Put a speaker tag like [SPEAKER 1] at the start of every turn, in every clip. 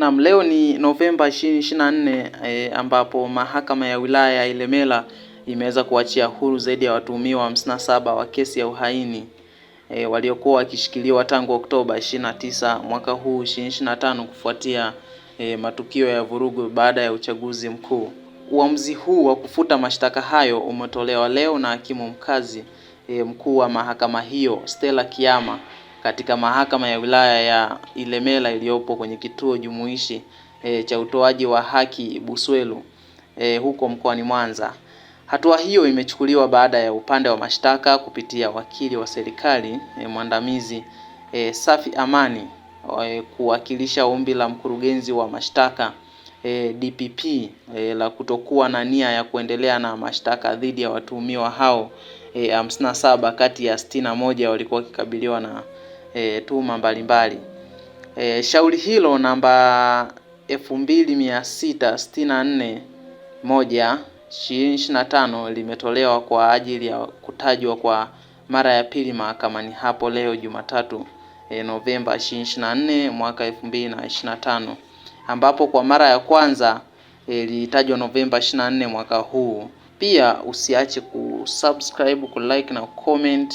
[SPEAKER 1] Naam, leo ni Novemba 24 eh, ambapo mahakama ya wilaya ya Ilemela imeweza kuachia huru zaidi ya watuhumiwa 57 wa kesi ya uhaini eh, waliokuwa wakishikiliwa tangu Oktoba 29 mwaka huu 2025 kufuatia eh, matukio ya vurugu baada ya uchaguzi mkuu. Uamuzi huu wa kufuta mashtaka hayo umetolewa leo na hakimu mkazi eh, mkuu wa mahakama hiyo Stella Kiama katika mahakama ya wilaya ya Ilemela iliyopo kwenye kituo jumuishi e, cha utoaji wa haki Buswelu e, huko mkoani Mwanza. Hatua hiyo imechukuliwa baada ya upande wa mashtaka kupitia wakili wa serikali e, mwandamizi e, Safi Amani e, kuwakilisha ombi la mkurugenzi wa mashtaka e, DPP e, la kutokuwa na nia ya kuendelea na mashtaka dhidi ya watuhumiwa hao hamsini na saba e, kati ya sitini na moja walikuwa wakikabiliwa na e, tuma mbalimbali e, shauri hilo namba elfu mbili mia sita sitini na nne moja ishirini na tano limetolewa kwa ajili ya kutajwa kwa mara ya pili mahakamani hapo leo Jumatatu e, Novemba 24 mwaka 2025 ambapo kwa mara ya kwanza ilitajwa e, Novemba 24 mwaka huu. Pia usiache kusubscribe, kulike na kucomment.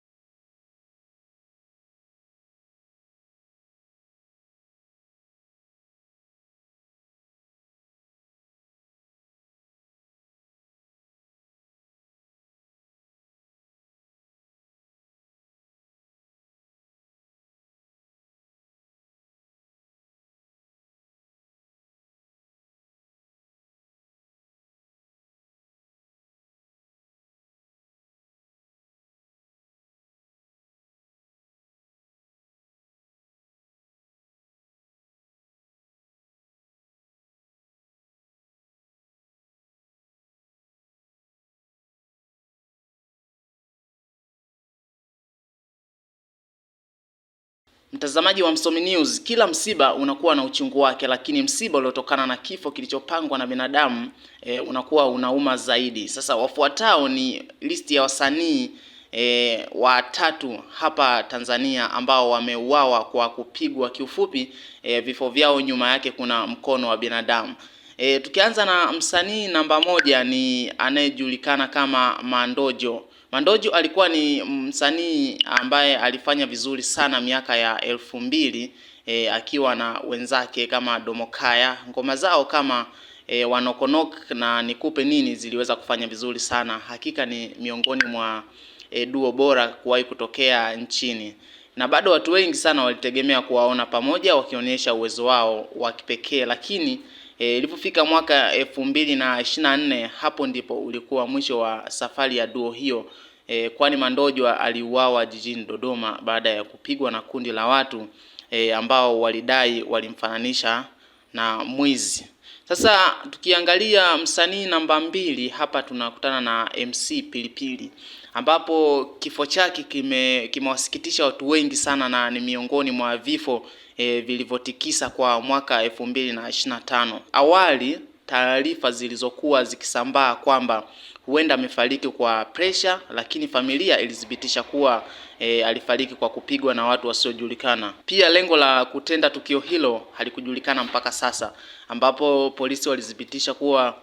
[SPEAKER 2] Mtazamaji wa Msomi News, kila msiba unakuwa na uchungu wake, lakini msiba uliotokana na kifo kilichopangwa na binadamu e, unakuwa unauma zaidi. Sasa wafuatao ni listi ya wasanii e, watatu hapa Tanzania ambao wameuawa kwa kupigwa, kiufupi e, vifo vyao nyuma yake kuna mkono wa binadamu. E, tukianza na msanii namba moja ni anayejulikana kama Mandojo. Mandojo alikuwa ni msanii ambaye alifanya vizuri sana miaka ya elfu mbili e, akiwa na wenzake kama Domokaya. Ngoma zao kama e, Wanokonok na Nikupe Nini ziliweza kufanya vizuri sana. Hakika ni miongoni mwa e, duo bora kuwahi kutokea nchini na bado watu wengi sana walitegemea kuwaona pamoja wakionyesha uwezo wao wa kipekee, lakini E, ilipofika e, mwaka elfu mbili na ishirini na nne hapo ndipo ulikuwa mwisho wa safari ya duo hiyo e, kwani Mandojwa aliuawa jijini Dodoma baada ya kupigwa na kundi la watu e, ambao walidai walimfananisha na mwizi. Sasa tukiangalia msanii namba mbili hapa tunakutana na MC Pilipili ambapo kifo chake kime kimewasikitisha watu wengi sana na ni miongoni mwa vifo e, vilivyotikisa kwa mwaka elfu mbili na ishirini na tano. Awali taarifa zilizokuwa zikisambaa kwamba huenda amefariki kwa presha, lakini familia ilithibitisha kuwa e, alifariki kwa kupigwa na watu wasiojulikana. Pia lengo la kutenda tukio hilo halikujulikana mpaka sasa, ambapo polisi walithibitisha kuwa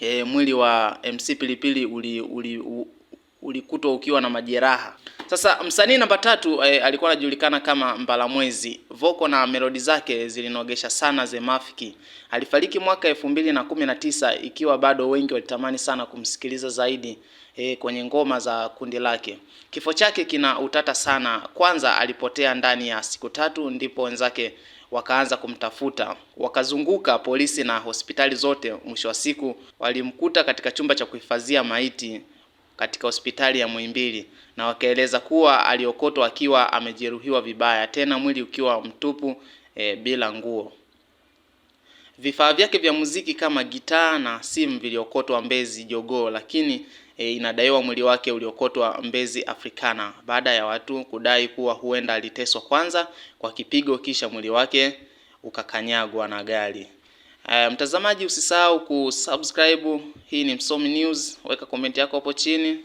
[SPEAKER 2] e, mwili wa MC Pilipili uli, uli, ulikutwa ukiwa na majeraha. Sasa msanii namba tatu e, alikuwa anajulikana kama Mbalamwezi. Voko na melodi zake zilinogesha sana mafiki. Alifariki mwaka elfu mbili na kumi na tisa ikiwa bado wengi walitamani sana kumsikiliza zaidi e, kwenye ngoma za kundi lake. Kifo chake kina utata sana. Kwanza alipotea ndani ya siku tatu, ndipo wenzake wakaanza kumtafuta, wakazunguka polisi na hospitali zote. Mwisho wa siku walimkuta katika chumba cha kuhifadhia maiti katika hospitali ya Muhimbili na wakaeleza kuwa aliokotwa akiwa amejeruhiwa vibaya, tena mwili ukiwa mtupu e, bila nguo. Vifaa vyake vya muziki kama gitaa na simu viliokotwa Mbezi Jogoo, lakini e, inadaiwa mwili wake uliokotwa Mbezi afrikana baada ya watu kudai kuwa huenda aliteswa kwanza kwa kipigo, kisha mwili wake ukakanyagwa na gari. Uh, mtazamaji usisahau kusubscribe. Hii ni Msomi News, weka komenti yako hapo chini.